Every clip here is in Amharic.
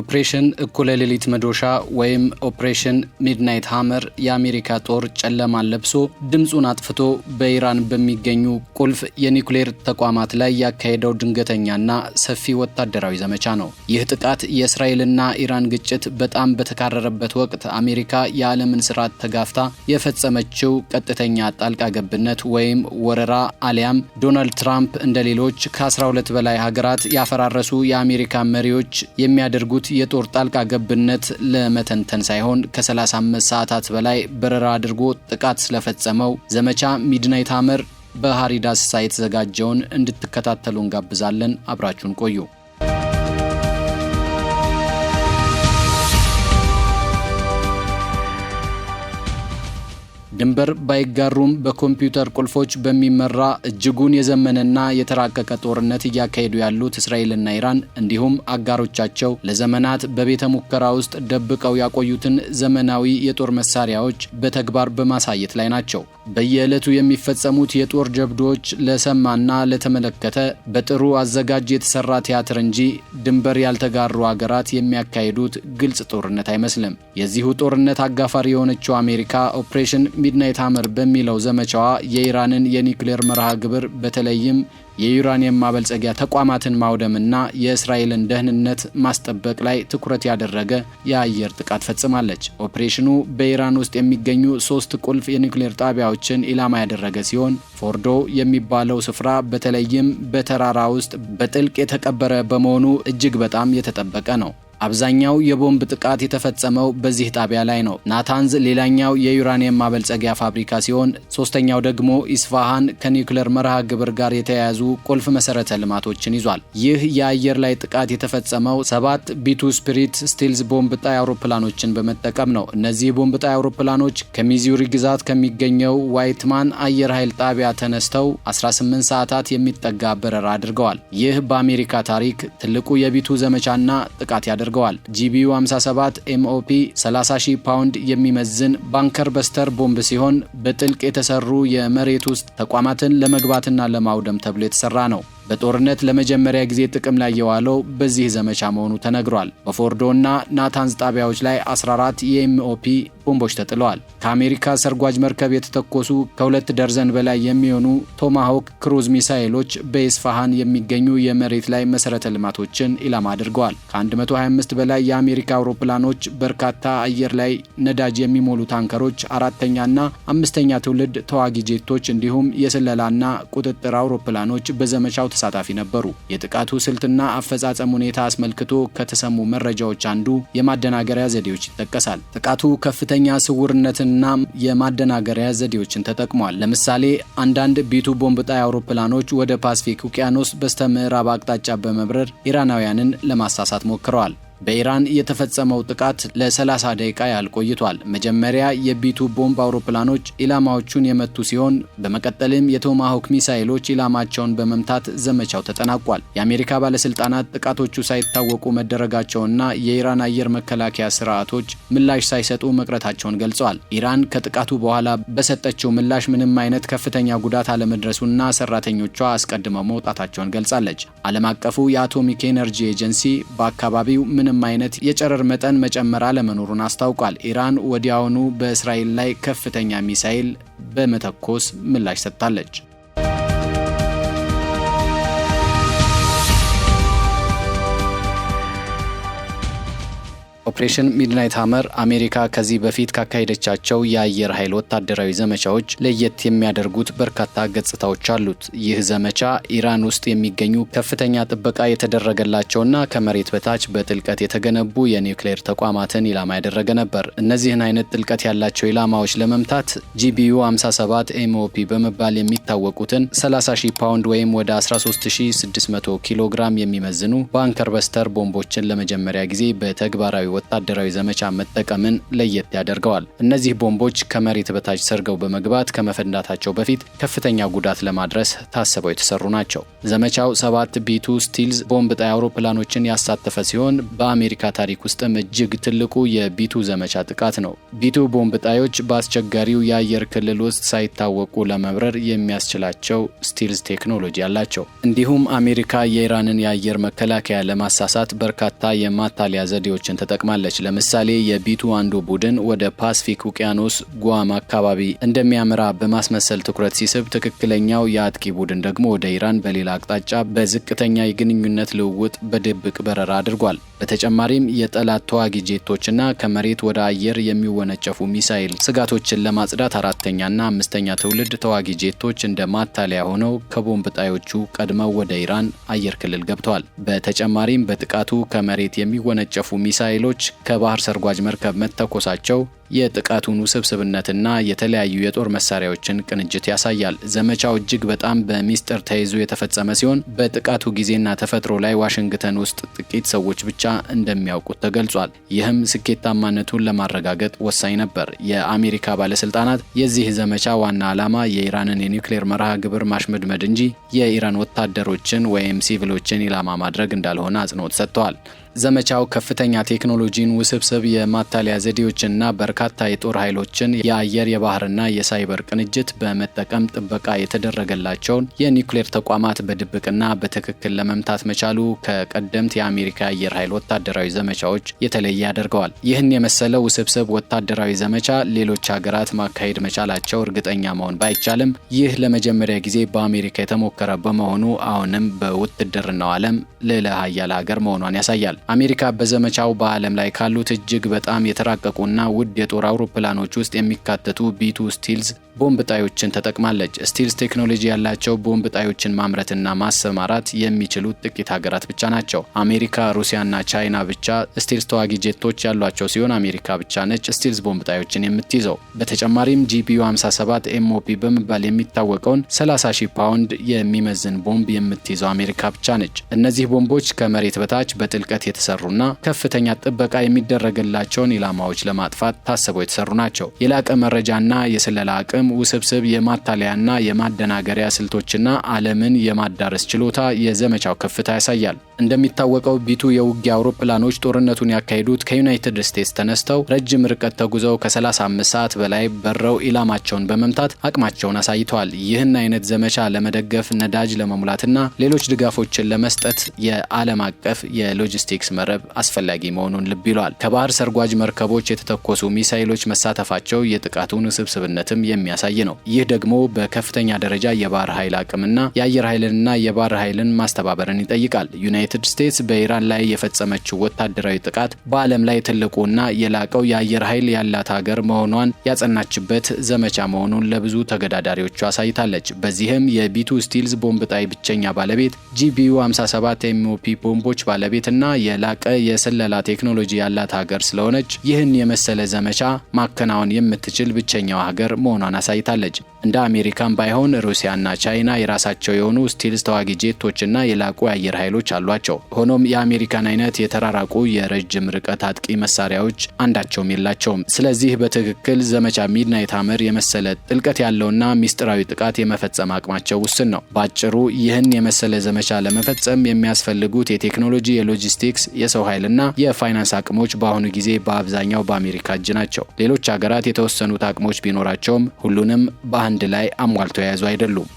ኦፕሬሽን እኩለ ሌሊት መዶሻ ወይም ኦፕሬሽን ሚድናይት ሃመር የአሜሪካ ጦር ጨለማን ለብሶ ድምፁን አጥፍቶ በኢራን በሚገኙ ቁልፍ የኒውክሌር ተቋማት ላይ ያካሄደው ድንገተኛና ሰፊ ወታደራዊ ዘመቻ ነው። ይህ ጥቃት የእስራኤልና ኢራን ግጭት በጣም በተካረረበት ወቅት አሜሪካ የዓለምን ስርዓት ተጋፍታ የፈጸመችው ቀጥተኛ ጣልቃ ገብነት ወይም ወረራ አሊያም ዶናልድ ትራምፕ እንደ ሌሎች ከ12 በላይ ሀገራት ያፈራረሱ የአሜሪካ መሪዎች የሚያደርጉት ያሉት የጦር ጣልቃ ገብነት ለመተንተን ሳይሆን ከ35 ሰዓታት በላይ በረራ አድርጎ ጥቃት ስለፈጸመው ዘመቻ ሚድናይት አመር በሃሪ ዳስሳ የተዘጋጀውን እንድትከታተሉ እንጋብዛለን። አብራችሁን ቆዩ። ድንበር ባይጋሩም በኮምፒውተር ቁልፎች በሚመራ እጅጉን የዘመነና የተራቀቀ ጦርነት እያካሄዱ ያሉት እስራኤልና ኢራን እንዲሁም አጋሮቻቸው ለዘመናት በቤተ ሙከራ ውስጥ ደብቀው ያቆዩትን ዘመናዊ የጦር መሳሪያዎች በተግባር በማሳየት ላይ ናቸው። በየዕለቱ የሚፈጸሙት የጦር ጀብዶዎች ለሰማና ለተመለከተ በጥሩ አዘጋጅ የተሰራ ቲያትር እንጂ ድንበር ያልተጋሩ አገራት የሚያካሂዱት ግልጽ ጦርነት አይመስልም። የዚሁ ጦርነት አጋፋሪ የሆነችው አሜሪካ ኦፕሬሽን ሚድናይት ሀመር በሚለው ዘመቻዋ የኢራንን የኒውክሌር መርሃ ግብር በተለይም የዩራኒየም ማበልጸጊያ ተቋማትን ማውደምና የእስራኤልን ደህንነት ማስጠበቅ ላይ ትኩረት ያደረገ የአየር ጥቃት ፈጽማለች። ኦፕሬሽኑ በኢራን ውስጥ የሚገኙ ሶስት ቁልፍ የኒውክሌር ጣቢያዎችን ኢላማ ያደረገ ሲሆን ፎርዶ የሚባለው ስፍራ በተለይም በተራራ ውስጥ በጥልቅ የተቀበረ በመሆኑ እጅግ በጣም የተጠበቀ ነው። አብዛኛው የቦምብ ጥቃት የተፈጸመው በዚህ ጣቢያ ላይ ነው። ናታንዝ ሌላኛው የዩራኒየም ማበልጸጊያ ፋብሪካ ሲሆን ሶስተኛው ደግሞ ኢስፋሃን ከኒውክሌር መርሃ ግብር ጋር የተያያዙ ቁልፍ መሰረተ ልማቶችን ይዟል። ይህ የአየር ላይ ጥቃት የተፈጸመው ሰባት ቢቱ ስፒሪት ስቲልስ ቦምብ ጣይ አውሮፕላኖችን በመጠቀም ነው። እነዚህ ቦምብ ጣይ አውሮፕላኖች ከሚዙሪ ግዛት ከሚገኘው ዋይትማን አየር ኃይል ጣቢያ ተነስተው 18 ሰዓታት የሚጠጋ በረራ አድርገዋል። ይህ በአሜሪካ ታሪክ ትልቁ የቢቱ ዘመቻና ጥቃት ያደርጋል። አድርገዋል። ጂቢዩ 57 ኤምኦፒ 30 ፓውንድ የሚመዝን ባንከር በስተር ቦምብ ሲሆን በጥልቅ የተሰሩ የመሬት ውስጥ ተቋማትን ለመግባትና ለማውደም ተብሎ የተሰራ ነው። በጦርነት ለመጀመሪያ ጊዜ ጥቅም ላይ የዋለው በዚህ ዘመቻ መሆኑ ተነግሯል። በፎርዶ እና ናታንዝ ጣቢያዎች ላይ 14 የኤምኦፒ ቦምቦች ተጥለዋል። ከአሜሪካ ሰርጓጅ መርከብ የተተኮሱ ከሁለት ደርዘን በላይ የሚሆኑ ቶማሆክ ክሩዝ ሚሳይሎች በኤስፋሃን የሚገኙ የመሬት ላይ መሠረተ ልማቶችን ኢላማ አድርገዋል። ከ125 በላይ የአሜሪካ አውሮፕላኖች፣ በርካታ አየር ላይ ነዳጅ የሚሞሉ ታንከሮች፣ አራተኛና አምስተኛ ትውልድ ተዋጊ ጄቶች እንዲሁም የስለላና ቁጥጥር አውሮፕላኖች በዘመቻው ተሳታፊ ነበሩ። የጥቃቱ ስልትና አፈጻጸም ሁኔታ አስመልክቶ ከተሰሙ መረጃዎች አንዱ የማደናገሪያ ዘዴዎች ይጠቀሳል። ጥቃቱ ከፍተኛ ስውርነትና የማደናገሪያ ዘዴዎችን ተጠቅሟል። ለምሳሌ አንዳንድ ቢቱ ቦምብ ጣይ አውሮፕላኖች ወደ ፓስፊክ ውቅያኖስ በስተ ምዕራብ አቅጣጫ በመብረር ኢራናውያንን ለማሳሳት ሞክረዋል። በኢራን የተፈጸመው ጥቃት ለ30 ደቂቃ ያህል ቆይቷል። መጀመሪያ የቢቱ ቦምብ አውሮፕላኖች ኢላማዎቹን የመቱ ሲሆን በመቀጠልም የቶማሆክ ሚሳይሎች ኢላማቸውን በመምታት ዘመቻው ተጠናቋል። የአሜሪካ ባለስልጣናት ጥቃቶቹ ሳይታወቁ መደረጋቸውና የኢራን አየር መከላከያ ስርዓቶች ምላሽ ሳይሰጡ መቅረታቸውን ገልጸዋል። ኢራን ከጥቃቱ በኋላ በሰጠችው ምላሽ ምንም አይነት ከፍተኛ ጉዳት አለመድረሱና ሰራተኞቿ አስቀድመው መውጣታቸውን ገልጻለች። ዓለም አቀፉ የአቶሚክ ኤነርጂ ኤጀንሲ በአካባቢው ምንም ምንም አይነት የጨረር መጠን መጨመር አለመኖሩን አስታውቋል። ኢራን ወዲያውኑ በእስራኤል ላይ ከፍተኛ ሚሳይል በመተኮስ ምላሽ ሰጥታለች። ኦፕሬሽን ሚድናይት ሀመር አሜሪካ ከዚህ በፊት ካካሄደቻቸው የአየር ኃይል ወታደራዊ ዘመቻዎች ለየት የሚያደርጉት በርካታ ገጽታዎች አሉት። ይህ ዘመቻ ኢራን ውስጥ የሚገኙ ከፍተኛ ጥበቃ የተደረገላቸውና ከመሬት በታች በጥልቀት የተገነቡ የኒውክሌር ተቋማትን ኢላማ ያደረገ ነበር። እነዚህን አይነት ጥልቀት ያላቸው ኢላማዎች ለመምታት ጂቢዩ 57 ኤምኦፒ በመባል የሚታወቁትን 30,000 ፓውንድ ወይም ወደ 13600 ኪሎ ግራም የሚመዝኑ በስተር ቦምቦችን ለመጀመሪያ ጊዜ በተግባራዊ ወታደራዊ ዘመቻ መጠቀምን ለየት ያደርገዋል። እነዚህ ቦምቦች ከመሬት በታች ሰርገው በመግባት ከመፈንዳታቸው በፊት ከፍተኛ ጉዳት ለማድረስ ታስበው የተሰሩ ናቸው። ዘመቻው ሰባት ቢቱ ስቲልዝ ቦምብ ጣይ አውሮፕላኖችን ያሳተፈ ሲሆን በአሜሪካ ታሪክ ውስጥም እጅግ ትልቁ የቢቱ ዘመቻ ጥቃት ነው። ቢቱ ቦምብ ጣዮች በአስቸጋሪው የአየር ክልል ውስጥ ሳይታወቁ ለመብረር የሚያስችላቸው ስቲልዝ ቴክኖሎጂ አላቸው። እንዲሁም አሜሪካ የኢራንን የአየር መከላከያ ለማሳሳት በርካታ የማታሊያ ዘዴዎችን ተጠቅማል። ፈጽማለች። ለምሳሌ የቢቱ አንዱ ቡድን ወደ ፓስፊክ ውቅያኖስ ጓም አካባቢ እንደሚያምራ በማስመሰል ትኩረት ሲስብ፣ ትክክለኛው የአጥቂ ቡድን ደግሞ ወደ ኢራን በሌላ አቅጣጫ በዝቅተኛ የግንኙነት ልውውጥ በድብቅ በረራ አድርጓል። በተጨማሪም የጠላት ተዋጊ ጄቶችና ከመሬት ወደ አየር የሚወነጨፉ ሚሳይል ስጋቶችን ለማጽዳት አራተኛና አምስተኛ ትውልድ ተዋጊ ጄቶች እንደ ማታለያ ሆነው ከቦምብ ጣዮቹ ቀድመው ወደ ኢራን አየር ክልል ገብተዋል። በተጨማሪም በጥቃቱ ከመሬት የሚወነጨፉ ሚሳይሎች ከባህር ሰርጓጅ መርከብ መተኮሳቸው የጥቃቱን ውስብስብነትና የተለያዩ የጦር መሳሪያዎችን ቅንጅት ያሳያል። ዘመቻው እጅግ በጣም በሚስጥር ተይዞ የተፈጸመ ሲሆን በጥቃቱ ጊዜና ተፈጥሮ ላይ ዋሽንግተን ውስጥ ጥቂት ሰዎች ብቻ እንደሚያውቁት ተገልጿል። ይህም ስኬታማነቱን ለማረጋገጥ ወሳኝ ነበር። የአሜሪካ ባለስልጣናት የዚህ ዘመቻ ዋና ዓላማ የኢራንን የኒውክሌር መርሃ ግብር ማሽመድመድ እንጂ የኢራን ወታደሮችን ወይም ሲቪሎችን ኢላማ ማድረግ እንዳልሆነ አጽንኦት ሰጥተዋል። ዘመቻው ከፍተኛ ቴክኖሎጂን፣ ውስብስብ የማታለያ ዘዴዎችና በርካታ የጦር ኃይሎችን የአየር የባህርና የሳይበር ቅንጅት በመጠቀም ጥበቃ የተደረገላቸውን የኒውክሌር ተቋማት በድብቅና በትክክል ለመምታት መቻሉ ከቀደምት የአሜሪካ የአየር ኃይል ወታደራዊ ዘመቻዎች የተለየ ያደርገዋል። ይህን የመሰለ ውስብስብ ወታደራዊ ዘመቻ ሌሎች ሀገራት ማካሄድ መቻላቸው እርግጠኛ መሆን ባይቻልም ይህ ለመጀመሪያ ጊዜ በአሜሪካ የተሞከረ በመሆኑ አሁንም በውትድርናው ዓለም ልዕለ ሀያል ሀገር መሆኗን ያሳያል። አሜሪካ በዘመቻው በዓለም ላይ ካሉት እጅግ በጣም የተራቀቁና ውድ የጦር አውሮፕላኖች ውስጥ የሚካተቱ ቢቱ ስቲልዝ ቦምብ ጣዮችን ተጠቅማለች። ስቲልስ ቴክኖሎጂ ያላቸው ቦምብ ጣዮችን ማምረትና ማሰማራት የሚችሉት ጥቂት ሀገራት ብቻ ናቸው። አሜሪካ፣ ሩሲያና ቻይና ብቻ ስቲልስ ተዋጊ ጄቶች ያሏቸው ሲሆን አሜሪካ ብቻ ነች ስቲልስ ቦምብ ጣዮችን የምትይዘው። በተጨማሪም ጂፒዩ 57 ኤምኦፒ በመባል የሚታወቀውን 30 ሺህ ፓውንድ የሚመዝን ቦምብ የምትይዘው አሜሪካ ብቻ ነች። እነዚህ ቦምቦች ከመሬት በታች በጥልቀት የተሰሩና ከፍተኛ ጥበቃ የሚደረግላቸውን ኢላማዎች ለማጥፋት ታስበው የተሰሩ ናቸው። የላቀ መረጃና የስለላ አቅም፣ ውስብስብ የማታለያና የማደናገሪያ ስልቶችና ዓለምን የማዳረስ ችሎታ የዘመቻው ከፍታ ያሳያል። እንደሚታወቀው ቢቱ የውጊያ አውሮፕላኖች ጦርነቱን ያካሄዱት ከዩናይትድ ስቴትስ ተነስተው ረጅም ርቀት ተጉዘው ከ35 ሰዓት በላይ በረው ኢላማቸውን በመምታት አቅማቸውን አሳይተዋል። ይህን አይነት ዘመቻ ለመደገፍ ነዳጅ ለመሙላትና ሌሎች ድጋፎችን ለመስጠት የዓለም አቀፍ የሎጂስቲክስ መረብ አስፈላጊ መሆኑን ልብ ይሏል። ከባህር ሰርጓጅ መርከቦች የተተኮሱ ሚሳይሎች መሳተፋቸው የጥቃቱን ውስብስብነትም የሚያሳይ ነው። ይህ ደግሞ በከፍተኛ ደረጃ የባህር ኃይል አቅምና የአየር ኃይልንና የባህር ኃይልን ማስተባበርን ይጠይቃል። ዩናይትድ ስቴትስ በኢራን ላይ የፈጸመችው ወታደራዊ ጥቃት በዓለም ላይ ትልቁና የላቀው የአየር ኃይል ያላት ሀገር መሆኗን ያጸናችበት ዘመቻ መሆኑን ለብዙ ተገዳዳሪዎቹ አሳይታለች። በዚህም የቢቱ ስቲልዝ ቦምብ ጣይ ብቸኛ ባለቤት፣ ጂቢዩ 57 ኤምኦፒ ቦምቦች እና የላቀ የስለላ ቴክኖሎጂ ያላት ሀገር ስለሆነች ይህን የመሰለ ዘመቻ ማከናወን የምትችል ብቸኛው ሀገር መሆኗን አሳይታለች። እንደ አሜሪካን ባይሆን ሩሲያና ቻይና የራሳቸው የሆኑ ስቲልስ ተዋጊ ጄቶችና የላቁ የአየር ኃይሎች አሏቸው። አሏቸው። ሆኖም የአሜሪካን አይነት የተራራቁ የረጅም ርቀት አጥቂ መሳሪያዎች አንዳቸውም የላቸውም። ስለዚህ በትክክል ዘመቻ ሚድናይት ሀመር የመሰለ ጥልቀት ያለውና ሚስጥራዊ ጥቃት የመፈጸም አቅማቸው ውስን ነው። በአጭሩ ይህን የመሰለ ዘመቻ ለመፈጸም የሚያስፈልጉት የቴክኖሎጂ፣ የሎጂስቲክስ፣ የሰው ኃይልና የፋይናንስ አቅሞች በአሁኑ ጊዜ በአብዛኛው በአሜሪካ እጅ ናቸው። ሌሎች ሀገራት የተወሰኑት አቅሞች ቢኖራቸውም ሁሉንም በአንድ ላይ አሟልተው የያዙ አይደሉም።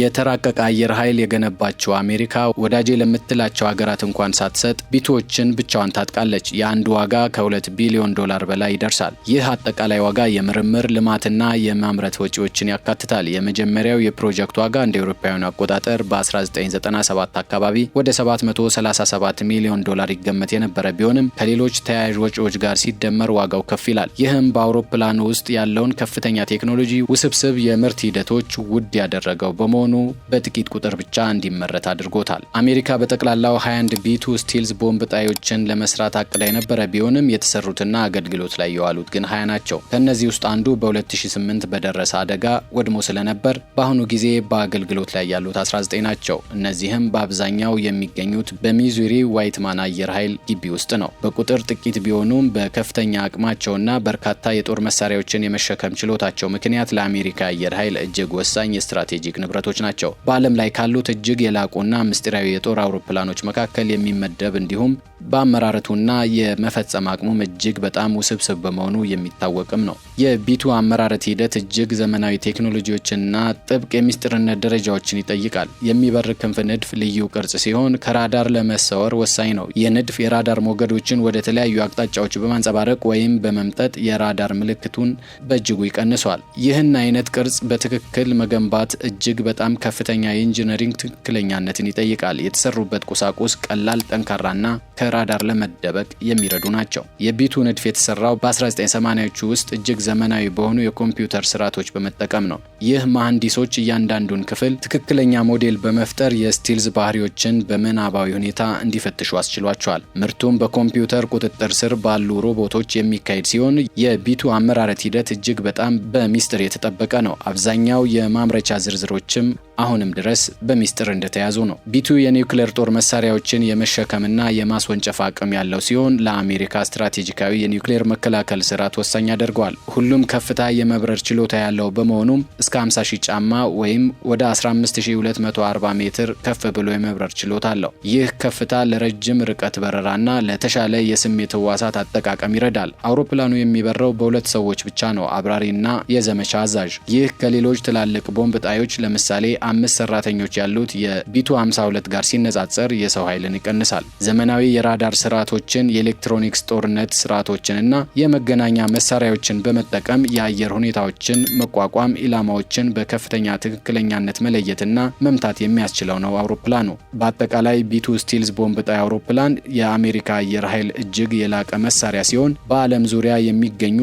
የተራቀቀ አየር ኃይል የገነባቸው አሜሪካ ወዳጄ ለምትላቸው ሀገራት እንኳን ሳትሰጥ ቢቶችን ብቻዋን ታጥቃለች። የአንድ ዋጋ ከ2 ቢሊዮን ዶላር በላይ ይደርሳል። ይህ አጠቃላይ ዋጋ የምርምር ልማትና የማምረት ወጪዎችን ያካትታል። የመጀመሪያው የፕሮጀክት ዋጋ እንደ አውሮፓውያኑ አቆጣጠር በ1997 አካባቢ ወደ 737 ሚሊዮን ዶላር ይገመት የነበረ ቢሆንም ከሌሎች ተያያዥ ወጪዎች ጋር ሲደመር ዋጋው ከፍ ይላል። ይህም በአውሮፕላኑ ውስጥ ያለውን ከፍተኛ ቴክኖሎጂ ውስብስብ የምርት ሂደቶች ውድ ያደረገው በመሆኑ መሆኑ በጥቂት ቁጥር ብቻ እንዲመረት አድርጎታል። አሜሪካ በጠቅላላው 21 ቢቱ ስቲልስ ቦምብ ጣዮችን ለመስራት አቅዳ የነበረ ቢሆንም የተሰሩትና አገልግሎት ላይ የዋሉት ግን 20 ናቸው። ከእነዚህ ውስጥ አንዱ በ2008 በደረሰ አደጋ ወድሞ ስለነበር በአሁኑ ጊዜ በአገልግሎት ላይ ያሉት 19 ናቸው። እነዚህም በአብዛኛው የሚገኙት በሚዙሪ ዋይትማን አየር ኃይል ግቢ ውስጥ ነው። በቁጥር ጥቂት ቢሆኑም በከፍተኛ አቅማቸውና በርካታ የጦር መሳሪያዎችን የመሸከም ችሎታቸው ምክንያት ለአሜሪካ አየር ኃይል እጅግ ወሳኝ የስትራቴጂክ ንብረቶች አውቶቡሶች ናቸው። በዓለም ላይ ካሉት እጅግ የላቁና ምስጢራዊ የጦር አውሮፕላኖች መካከል የሚመደብ እንዲሁም በአመራረቱና የመፈጸም አቅሙም እጅግ በጣም ውስብስብ በመሆኑ የሚታወቅም ነው። የቢቱ አመራረት ሂደት እጅግ ዘመናዊ ቴክኖሎጂዎችና ጥብቅ የሚስጥርነት ደረጃዎችን ይጠይቃል። የሚበር ክንፍ ንድፍ ልዩ ቅርጽ ሲሆን ከራዳር ለመሰወር ወሳኝ ነው። ይህ ንድፍ የራዳር ሞገዶችን ወደ ተለያዩ አቅጣጫዎች በማንጸባረቅ ወይም በመምጠጥ የራዳር ምልክቱን በእጅጉ ይቀንሷል። ይህን አይነት ቅርጽ በትክክል መገንባት እጅግ በጣም በጣም ከፍተኛ የኢንጂነሪንግ ትክክለኛነትን ይጠይቃል። የተሰሩበት ቁሳቁስ ቀላል፣ ጠንካራና ከራዳር ለመደበቅ የሚረዱ ናቸው። የቢቱ ንድፍ የተሰራው በ1980ዎቹ ውስጥ እጅግ ዘመናዊ በሆኑ የኮምፒውተር ስርዓቶች በመጠቀም ነው። ይህ መሐንዲሶች እያንዳንዱን ክፍል ትክክለኛ ሞዴል በመፍጠር የስቲልዝ ባህሪዎችን በምናባዊ ሁኔታ እንዲፈትሹ አስችሏቸዋል። ምርቱም በኮምፒውተር ቁጥጥር ስር ባሉ ሮቦቶች የሚካሄድ ሲሆን የቢቱ አመራረት ሂደት እጅግ በጣም በሚስጥር የተጠበቀ ነው። አብዛኛው የማምረቻ ዝርዝሮችም መሳሪያዎችም አሁንም ድረስ በሚስጥር እንደተያዙ ነው። ቢቱ የኒውክሌር ጦር መሳሪያዎችን የመሸከምና የማስወንጨፍ አቅም ያለው ሲሆን ለአሜሪካ ስትራቴጂካዊ የኒውክሌር መከላከል ስርዓት ወሳኝ ያደርገዋል። ሁሉም ከፍታ የመብረር ችሎታ ያለው በመሆኑም እስከ 50 ሺህ ጫማ ወይም ወደ 15240 ሜትር ከፍ ብሎ የመብረር ችሎታ አለው። ይህ ከፍታ ለረጅም ርቀት በረራና ለተሻለ የስሜት ህዋሳት አጠቃቀም ይረዳል። አውሮፕላኑ የሚበረው በሁለት ሰዎች ብቻ ነው፣ አብራሪና የዘመቻ አዛዥ። ይህ ከሌሎች ትላልቅ ቦምብ ጣዮች ለምሳሌ ለምሳሌ አምስት ሰራተኞች ያሉት የቢቱ 52 ጋር ሲነጻጸር የሰው ኃይልን ይቀንሳል። ዘመናዊ የራዳር ስርዓቶችን፣ የኤሌክትሮኒክስ ጦርነት ስርዓቶችን እና የመገናኛ መሳሪያዎችን በመጠቀም የአየር ሁኔታዎችን መቋቋም፣ ኢላማዎችን በከፍተኛ ትክክለኛነት መለየትና መምታት የሚያስችለው ነው አውሮፕላኑ። በአጠቃላይ ቢቱ ስቲልስ ቦምብ ጣይ አውሮፕላን የአሜሪካ አየር ኃይል እጅግ የላቀ መሳሪያ ሲሆን በዓለም ዙሪያ የሚገኙ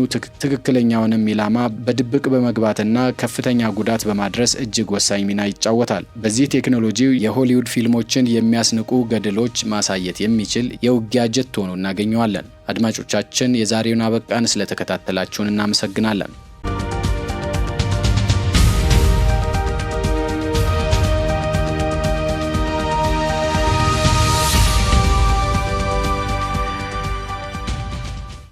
ትክክለኛውንም ኢላማ በድብቅ በመግባትና ከፍተኛ ጉዳት በማድረስ እጅግ ወሳኝ ወሳኝ ሚና ይጫወታል። በዚህ ቴክኖሎጂ የሆሊውድ ፊልሞችን የሚያስንቁ ገድሎች ማሳየት የሚችል የውጊያ ጀት ሆኖ እናገኘዋለን። አድማጮቻችን፣ የዛሬውን አበቃን። ስለተከታተላችሁን እናመሰግናለን።